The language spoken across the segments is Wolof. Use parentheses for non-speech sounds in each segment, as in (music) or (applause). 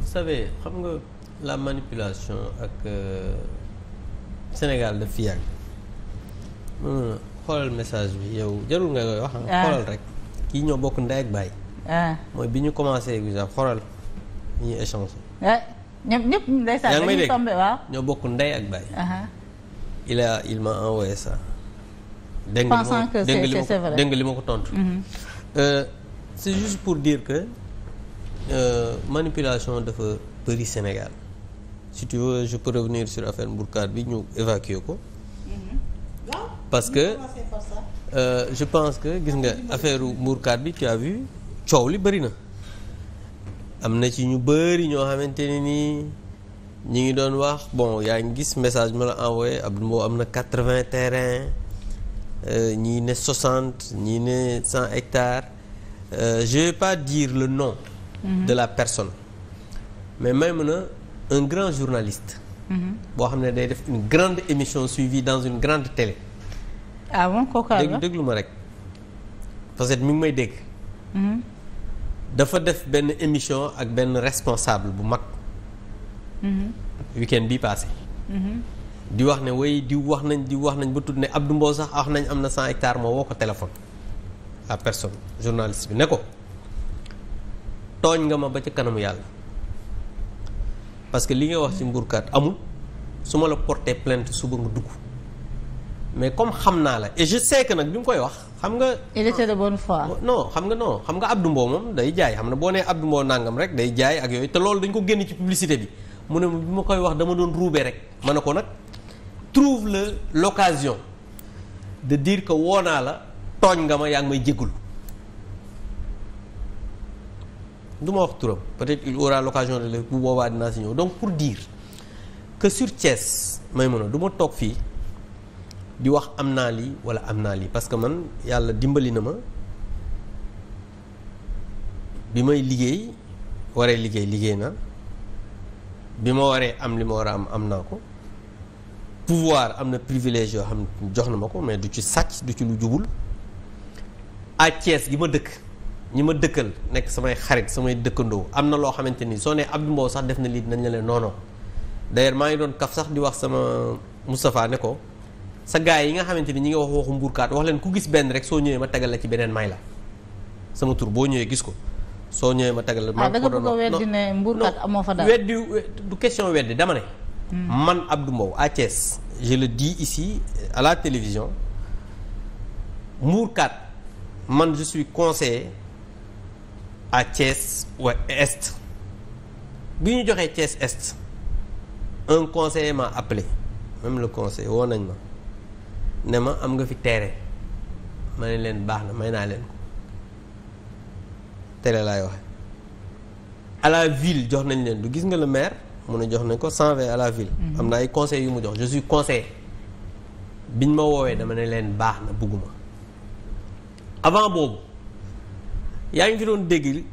vous savez xam nga la manipulation ak euh, Sénégal de fi yàgg message bi yow jarul nga koy wax. Ah, ah. xoolal rek kii ñoo bokk ndey ak baay. Ah. mooy bi ñu commencé exige xoolal ñuy échange. Eh, ñëpp ñëpp bokk ndey ak baay. il a il m'a envoyé nga li ma ko dégg li ma ko tontu. Mhm. Euh, c'est juste pour dire que. euh, manipulation dafa bëri Sénégal si je peux revenir sur affaire Mbourkaat bi ñu évacuer ko. Mm-hmm. parce que euh, je pense que gis nga affaire Mbourkaat bi tu as vu coow li bëri na. am na ci ñu bëri ñoo xamante ne nii ñi ngi doon wax bon yaa ngi gis message ma la envoyé Abdou Mbow am na quatre-vingts terrains euh, ñii ne soixante ñii ne cent hectare euh, je vais pas dire le nom. Mm-hmm. de la personne mais Maïmouna un grand journaliste mm-hmm. boo xam ne day def une grande émission suivie dans une grande télé ah déglu ma rek parce que mi may dégg mm-hmm. dafa def benn émission ak benn responsable bu mag week bi passé di wax ne way di wax nañ di wax nañ bu tudd ne Abdou Mbow sax wax nañ am na cent hectares moo woo ko téléphone la personne journaliste bi ne ko tooñ nga ma ba ca kanamu yàlla parce que li nga wax ci mburkaat amul su ma la porté plainte suba mu dugg mais comme xam naa la et je sais nag bi mu koy wax xam nga. il était de xam nga non xam nga Abdou Mbow moom day jaay xam na boo nee Abdou Mbow nangam rek day jaay ak yooyu te loolu dañ ko génn ci publicité bi mu ne mu bi ma koy wax dama doon ruubee rek ma ne ko nag trouve le l'occasion de dire que naa la tooñ nga ma yaa ngi may jégalu. du ma wax trop peut-être il aura l'occasion de le bu boobaa dinaa si ñëw donc pour diir que sur Thiès may mën a du toog fii di wax am naa lii wala am naa lii parce que man yàlla dimbali na ma bi may liggéey waree liggéey liggéey na bi ma waree am li ma war a am am naa ko pouvoir am na privilège yoo xam jox na ma ko mais du ci sàcc du ci lu jubul à Thiès gi ma dëkk ñi ma dëkkal nekk samay xarit samay dëkkandoo am na loo xamante ni soo nee Abdou Mbow sax def na lii nañ la leen non non maa ngi doon kaf sax di wax sama Moustapha ne ko sa gars yi nga xamante ni ñi nga wax waxu mbuurkaat wax leen ku gis benn rek soo ñëwee ma tegal la ci beneen may la sama tur boo ñëwee gis ko soo ñëwee ma tegal la. Ah, maa ngi ko doon weddi ne mbuurkaat amoo fa dara weddi du question weddi dama ne. Hmm. man Abdou Mbow à le dis ici à la télévision mbuurkaat man je suis conseiller. à Thiès wa Est bi ñu joxee Thiès Est un conseiller m'a appelé même le conseil woo nañ ma ne ma am nga fi tere ma ne leen baax na may naa leen ko tere laay waxe à la ville jox nañ leen du gis nga le maire mu ne jox nañ ko 120 à la ville mhm. am na ay conseils yu mu jox je suis biñ ma woowee dama ne leen baax na bugguma avant boobu yaa ngi doon déggi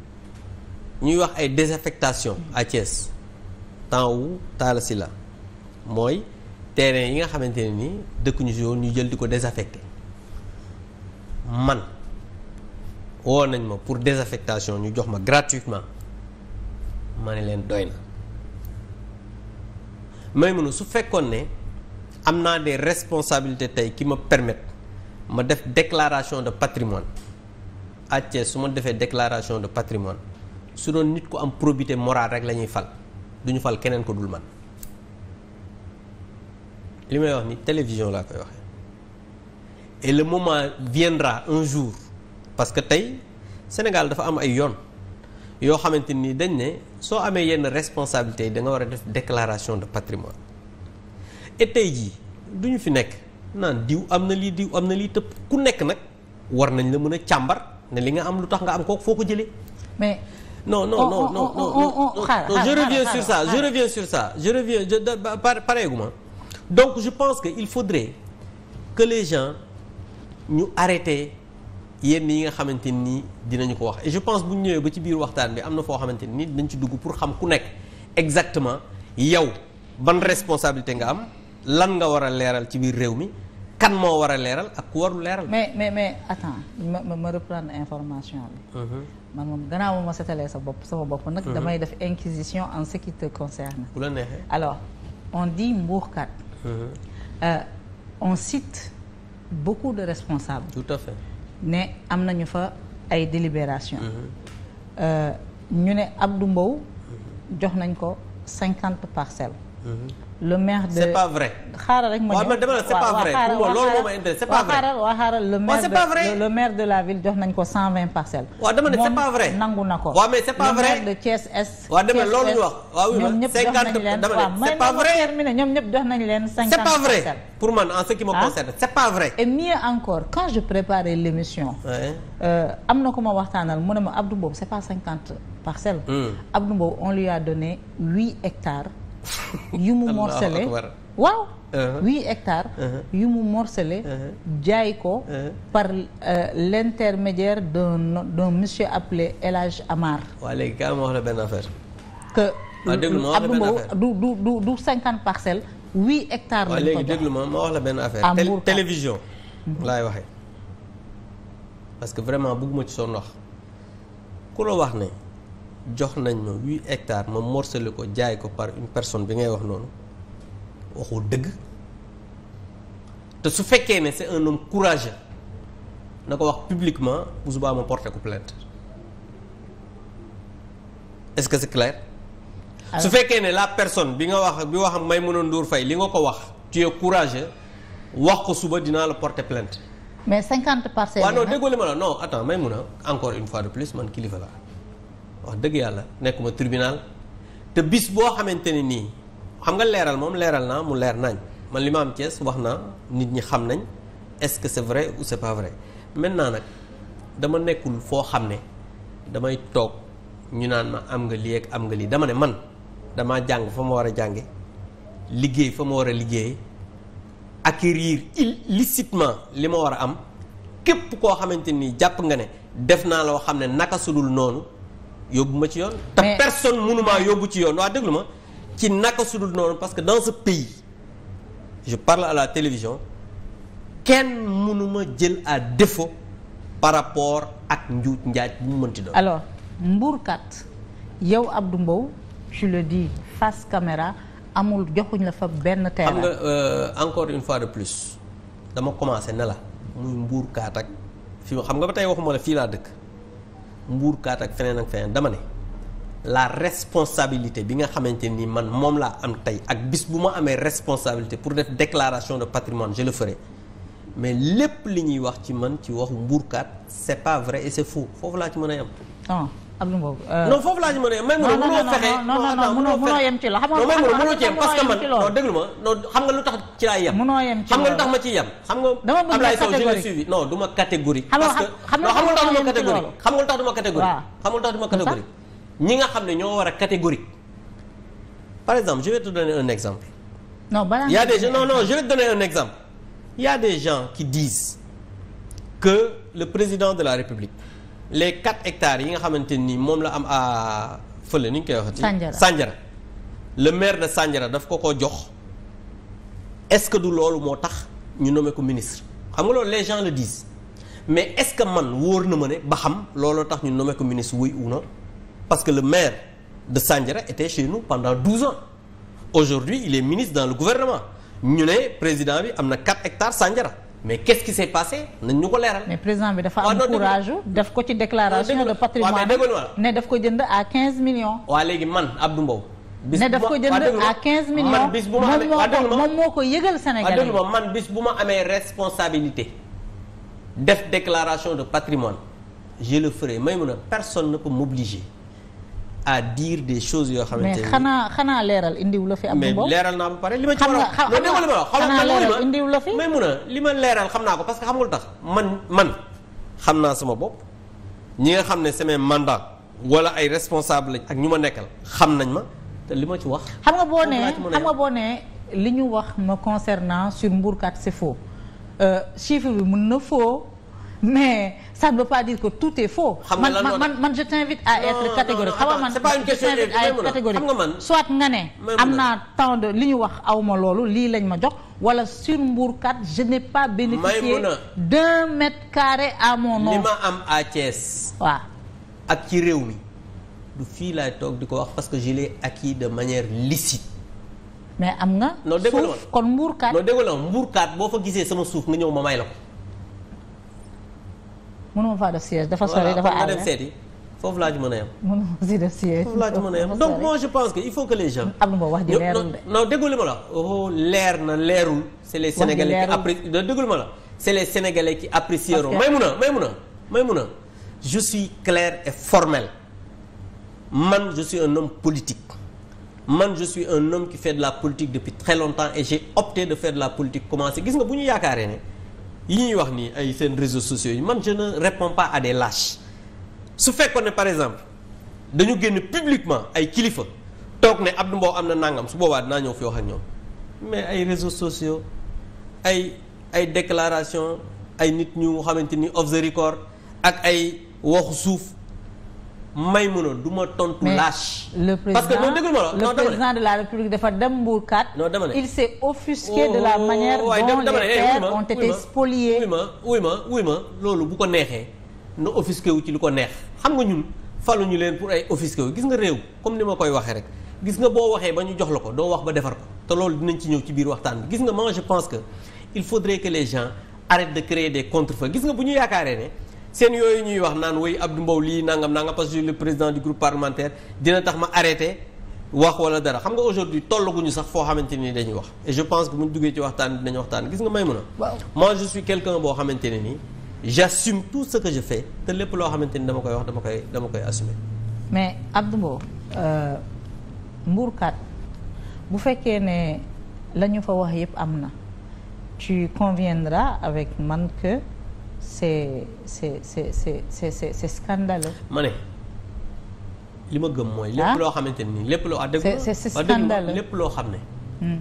ñuy wax ay désaffectation à Thiès temps wu Talla la mooy terrain yi nga xamante ne ni dëkkuñu si woon ñu jël di ko désaffecté man woo nañ ma pour désaffectation ñu jox ma gratuitement ma ne leen doy na may mënu su fekkoon ne am naa des responsabilité tey qui ma permettent ma def déclaration de patrimoine à su ma defee déclaration de patrimoine su doon nit ku am probité morale rek la ñuy fal duñu fal keneen ko dul man li may wax ni télévision laa koy waxee et le moment viendra un jour parce que tey Sénégal dafa am ay yoon yoo xamante nii dañ ne soo amee yenn responsabilité yi da nga war a def déclaration de patrimoine et tey jii du fi nekk naan diw am na lii diw am na lii tëpp ku nekk nag war nañ la mën a càmbar ne li nga am lu tax nga am kooku foo ko jëlee. mais non non non non non je reviens sur ça je reviens sur ça je reviens je pareeguma donc je pense que il faudrait que les gens ñu arrêter yenn yi nga xamante nii dinañu ko wax et je pense bu ñu ñëwee ba ci biir waxtaan bi am na foo xamante ni dañ ci dugg pour xam ku nekk exactement yow ban responsabilité nga am lan nga war a leeral ci biir réew mi kan moo war a leeral ak ku warul leeral. mais mais mais attends ma ma ma reprendre information bi. Mhm. man moom gannaaw ma setalee sa bopp sama bopp nag. Mhm. damay def inquisition en ce qui te concerne. bu la neexee alors on dit mbuurkat. Mhm. Euh, on cite beaucoup de responsable tout à ne am nañu fa ay délibération. Euh, ñu ne Abdou Mbow. jox nañ ko cinquante parcelles. le maire de xaaral rek ma ñëw waaw c'est pas xaaral le maire de la ville jox nañ ko 120 parcelles. waaw dama c'est pas moom nangu na ko. waaw mais c'est pas loolu ñu wax. waaw oui man 50 dama ne c'est jox nañ leen. 50 c'est pour man en ce qui me ah. concerne c'est pas et mieux encore quand je préparais l'émission. Euh, am na ku ma waxtaanal mu ne ma Abdou c'est pas 50 parcelles. Hmm. Abdou Mbow a donné 8 hectares. Uh-huh. Uh-huh. yu mu morcelé waaw huit uh-huh. hectares yu mu morcelé jaay ko par euh, l'intermédiaire d'un d'un monsieur appelé El Hadj léegi kaa ma wax la benn affaire que Abdou cinquante parcelles huit hectares lañ léegi déglu ma wax la benn affaire télévision mhm. laay waxee parce que vraiment bëgguma ci son wax ku la wax ne jox nañ ma huit hectares ma morcelé ko jaay ko par une personne bi ngay wax noonu waxu dëgg te su fekkee ne c'est un homme na ko wax publiquement bu subaa ma porté ko plainte est-ce que c'est clair su fekkee ne la personne bi nga wax bi wax Maïmouna Ndour fay li nga ko wax tu es courageux wax ko suba dinaa la porter plainte mais cinquante parcelles waaw non déggoo li ma la non attends Maïmouna encore une fois de plus man kilifa la wax dëgg yàlla nekkuma tribunal te bis boo xamante ne nii xam nga leeral moom leeral naa mu leer nañ man li ma am Thiès wax naa nit ñi xam nañ est-ce que c'est vrai ou c'est pas vrai maintenant nag dama nekkul foo xam ne damay toog ñu naan ma am nga lii ak am nga lii dama ne man damaa jàng fa ma war a jànge liggéey fa ma war a liggéey acquérir illicitement li ma war a am képp koo xamante ni jàpp nga ne def naa loo xam ne naka sudul noonu yóbbu ma ci yoon. te personne mënuma yóbbu ci yoon waa déglu ma ci naka sudul noonu parce que dans ce pays je parle à la télévision kenn mënuma jël à défaut par rapport ak njuuj njaaj bu mu mënti doon. alors mbuurkat yow Abdou Mbow je le dis face caméra amul joxuñ la fa benn terrain. xam nga euh, encore une fois de plus dama commencé ne la muy mbuurkat ak fii xam nga ba tey waxuma la fii laa dëkk. mbuurkaat ak feneen ak feneen dama ne la responsabilité bi nga xamante ni man moom laa am tey ak bis bu ma amee responsabilité pour def déclaration de patrimoine je le ferai mais lépp li ñuy wax ci man ci waxu mbuurkaat c'est pas vrai et c'est faux foofu laa ci mën a yam ah. Abdou Mbow. Euh, non foofu laa ñu mënee may mënoo mënoo fexe non non non mënoo mënoo yem ci la xam nga mënoo yem parce que man non déglu ma non xam nga lu tax ci laay yem mënoo yem ci xam nga lu tax ma ci yem xam nga dama bëgg Ablaye Sow je l'ai suivi non du ma catégorie parce que xam nga lu tax du catégorie xam nga lu tax du catégorie xam nga lu tax du catégorie ñi nga xam ne ñoo war a catégorie par exemple je vais te donner un exemple non balaa y des gens non non qui disent que le président de la République les quatre hectares yi nga xamante ni moom la am à fële ni ñu koy waxati. Sandiara Sandiara le maire de Sandiara daf ko ko jox est-ce que du loolu moo tax ñu nommé ko ministre xam nga loolu les gens le disent mais est-ce que man wóor na ma ne ba xam looloo tax ñu nommé ko ministre oui ou non parce que le maire de Sandiara était chez nous pendant douze ans aujourd'hui il est ministre dans le gouvernement ñu ne président bi am na quatre hectares Sandiara. mais qu'est-ce qui s'est passé nañ ñu ko leeral. mais président bi dafa am courage def ko ci déclaration de patrimoine ne daf ko jënd à quinze millions. waa léegi man Abdou Mbow. bis ne daf ko jënd à 15 millions man bis bu ma amee moom moo ko yëgal Sénégalais ma man bis bu ma amee responsabilité. def déclaration de patrimoine je le ferai may mun a personne ne peut m'obliger à diir des choses yoo xamante ne mais xanaa xanaa leeral indiw la fi. am mais leeral naa ba pare li ma ci war a. xam nga leeral indiw la fi mais mun a li ma leeral xam naa ko parce que xamul tax man man xam naa sama bopp ñi nga xam ne semaine mandat wala ay responsable ak ñu ma nekkal xam nañ ma te li ma ci wax. xam nga boo nee xam nga boo nee li ñu wax ma concernant sur Mbour 4 c'est euh, chiffre bi mën na faux. mais ça ne veut pas dire que tout est faux. man man man je t'invite à être xam non man je t'invite à être catégorique soit nga ne. am naa temps de li ñu wax awma ma loolu lii lañ ma jox. wala sur Mbourkat je n'ai pas bénéficié d'un mètre carré à mon nom. li ma am à Thiès. waaw ak ci réew mi. du fii laay toog di ko wax parce que je l'ai acquis de manière licite. mais am nga. non dégg suuf kon Mbourkat. non dégg nga Mbourkat boo fa gisee sama suuf nga ñëw ma may la ko. mënuma faa def siège dafa sori dafa àll foofu laa mën a yem. mën a yem donc moi je pense que il faut que les gens. am na ma wax ji déggoo li ma la oh leer na leerul. c'est les sénégalais qui apprécient déggoo li ma la c'est les sénégalais qui apprécieront. Maïmouna Maïmouna Maïmouna je suis clair et formel man je suis un homme politique man je suis un homme qui fait de la politique depuis très longtemps et j'ai de faire de la politique commencé gis nga bu ñu yaakaaree ne. yi ñuy wax nii ay seen réseau sociaux yi man je ne réponds pas des lâches su fekkoon ne par exemple dañu génn publiquement ay kilifa toog ne Abdou Mbow am na nangam su boobaa naa ñëw fi wax ak ñoom mais ay réseau sociaux ay ay déclaration ay nit ñu xamante ni off the record ak ay waxu suuf may Maïmouna du ma tontu lâche. le président parce que non déglu ma la non dama ne de la dem Mbourkat. non dama ne il s'est offusqué de la oh, manière dont les terres ont été spoliées. wuy ma wuy ma wuy loolu bu ko neexee na offusqué wu ci lu ko neex xam nga ñun faluñu leen pour ay offusqué wu gis nga réew comme ni ma koy waxee rek gis nga boo waxee ba ñu jox la ko doo wax ba defar ko te loolu dinañ ci ñëw ci biir waxtaan bi gis nga moi je pense que il faudrait que les gens arrêtent de créer des contre-feux gis bu ñu yaakaaree seen yooyu ñuy wax naan woy Abdou Mbow lii nangam nangam parce que le président du groupe parlementaire dina tax ma arrêté wax wala dara xam nga aujourd'hui tollaguñu sax foo xamante ni dañuy wax e je pense que buñ duggee ci waxtaan dinañ waxtaan gis nga may mun a moi je suis quelqu'un boo xamante ne nii j'assume tout ce que je fais te lépp loo xamante ni dama koy wax dama koy dama koy assumer mais Abdou Mbow euh, mbuurkat bu fekkee ne la ñu fa wax yépp am na tu conviendras avec man c'est c'est c'est c'est c'est c'est c'est scandaleux. ma ne li ma gëm mooy. lépp ah? loo xamante ni lépp loo. c'est c'est scandaleux lépp loo xam ne. Hmm.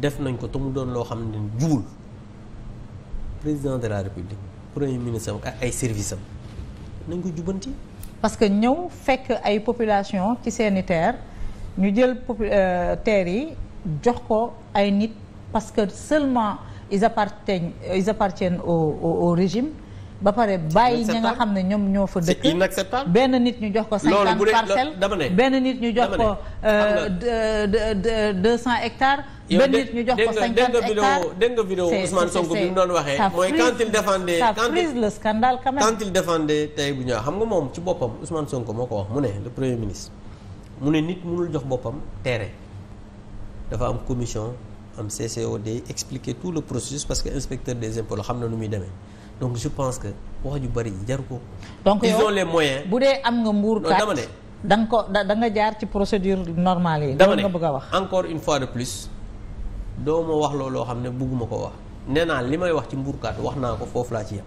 def nañ ko te mu doon loo xam ne jubul président de la république premier ministre am ak ay services am nañ ko jubanti. parce que ñëw fekk ay population ci seeni terre ñu jël popu euh, terre yi jox ko ay nit parce que seulement. ils appartiennent ils appartiennent au au, au régime. ba pare bàyyi ñi nga xam ne ñoom ñoo fa dëkk. inacceptable benn nit ñu jox ko. cinquante parcelles benn nit ñu jox ko. Euh, deux cent hectares. benn nit ñu jox ko cinquante hectares dégg nga vidéo Ousmane Sonko bi mu doon waxee. mooy quand il défendait ça frise le scandale quand même. quand il défendait tey bu ñëw xam nga moom ci boppam Ousmane Sonko moo ko wax mu ne le premier ministre mu ne nit mënul jox boppam terrain dafa am commission. am CCOD expliquer tout le processus parce que inspecteur des impôts la xam na nu muy demee donc je pense que wax ju bari jaru ko. donc ils ont les moyens. bu dee am nga mbuur kat dama ne. da da nga jaar ci procédure normale yi. dama ne nga bëgg a wax encore une fois de plus. doo ma wax loo xam ne bugguma ko wax nee naa li may wax ci mbuurkaat wax naa ko foofu laa ci yem.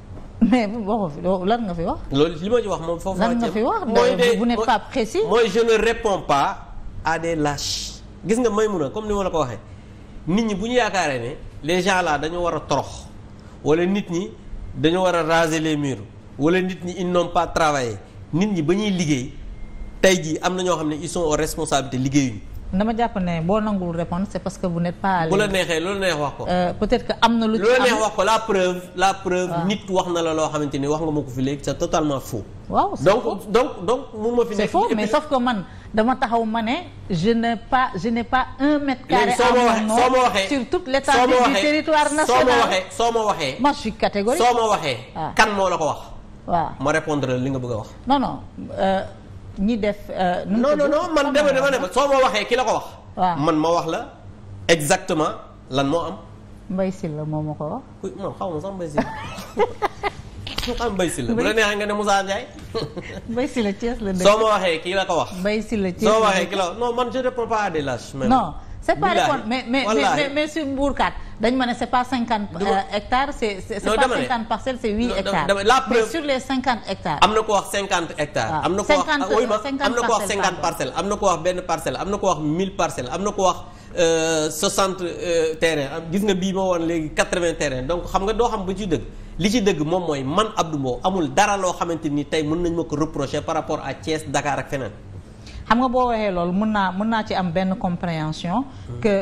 mais waxu fi lan nga fi wax. loolu li ma ci wax moom foofu laa ci yem lan wax. mooy vous n'êtes pas précis. mooy je ne réponds pas à des gis nga may mun a comme ni ma la ko waxee. nit ñi bu ñu yaakaaree ne les gens là dañu war a torox wala nit ñi dañu war a raser les murs wala nit ñi ils n'ont pas travaillé nit ñi ba ñuy liggéey tey jii am na ñoo xam ne ils sont aux responsabilités liggéeyuñu dama jàpp ne boo nanguwul répondre c'est parce que bu n'êtes pas à bu la neexee loolu neex wax ko. Euh, peut-être que am na lu ci am lu neex wax ko la preuve la preuve ah. nit wax na la loo xamante ni wax nga ma ko fi léegi c'est totalement faux. waaw c'est donc donc donc mun ma mais sauf que man dama taxaw ma ne je n'ai pas je n'ai pas un mètre carré. soo ma waxee soo ma waxee. moi je soo ma waxee. Ah. kan moo la ko wax. waaw ma répondre li nga bëgg a wax. non euh, ñi def. Euh, no non non man dama dama ne ma soo ma waxee ki la ko wax. waaw man ma wax la exactement lan moo am. Mbaye la moo ma ko wax. kuy man xaw ma sax Mbaye Sylla (laughs) xam Mbaye Sylla bu la neexee nga ne Moussa Ndiaye. (laughs) Mbaye Sylla Thiès la (laughs) dëkk. soo ma waxee kii la ko wax. Mbaye Sylla Thiès la soo waxee kii la non man je réponds pas à des lâches. non. c'est mais mais mais mais sur Mbourkat dañ ma ne c'est pas cinquante euh, hectares c'est c'est pas cinquante parcelles c'est huit hectares mais sur am na ko wax cinquante hectares am na ko wax am na ko wax cinquante parcelle euh, am na ko wax benn parcelle am na ko wax mille parcelles am na ko wax euh, soixante terrain gis nga bii ma woon léegi quatre-vingts terrain donc xam nga doo xam bu ci dëgg li ci dëgg moom mooy man Abdou Mbow amul dara loo xamante ni tey mën nañ ma ko reprocher par rapport à Thiès Dakar ak feneen xam nga boo waxee loolu mën naa mën naa ci am benn compréhension que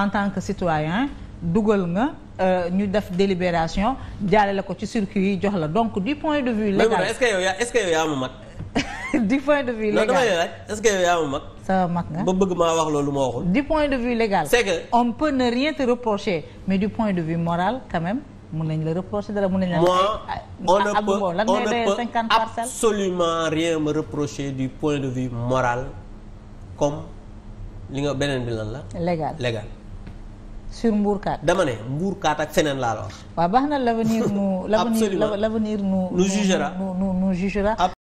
en tant que citoyen dugal nga euh, ñu def délibération jaalale ko ci circuit yi jox la donc du point de vue légal est-ce yow yaa est ma mag (laughs) du point de vue légal non damay que yow ma mag sama mag nga ba bëgg maa wax loolu ma waxul du point de vue légal c'est que on peut ne rien reprocher mais du point de vue moral quand même mun nañ la reprocher dara mën nañ la. moi eh, on ne peut on ne peut absolument rien me reprocher du point de vue moral comme li nga beneen bi lan la. légal légal. sur mbuurkaat. dama ne mbuurkaat ak feneen laa la wax. waaw baax na l'avenir nous. l'avenir nous jugera.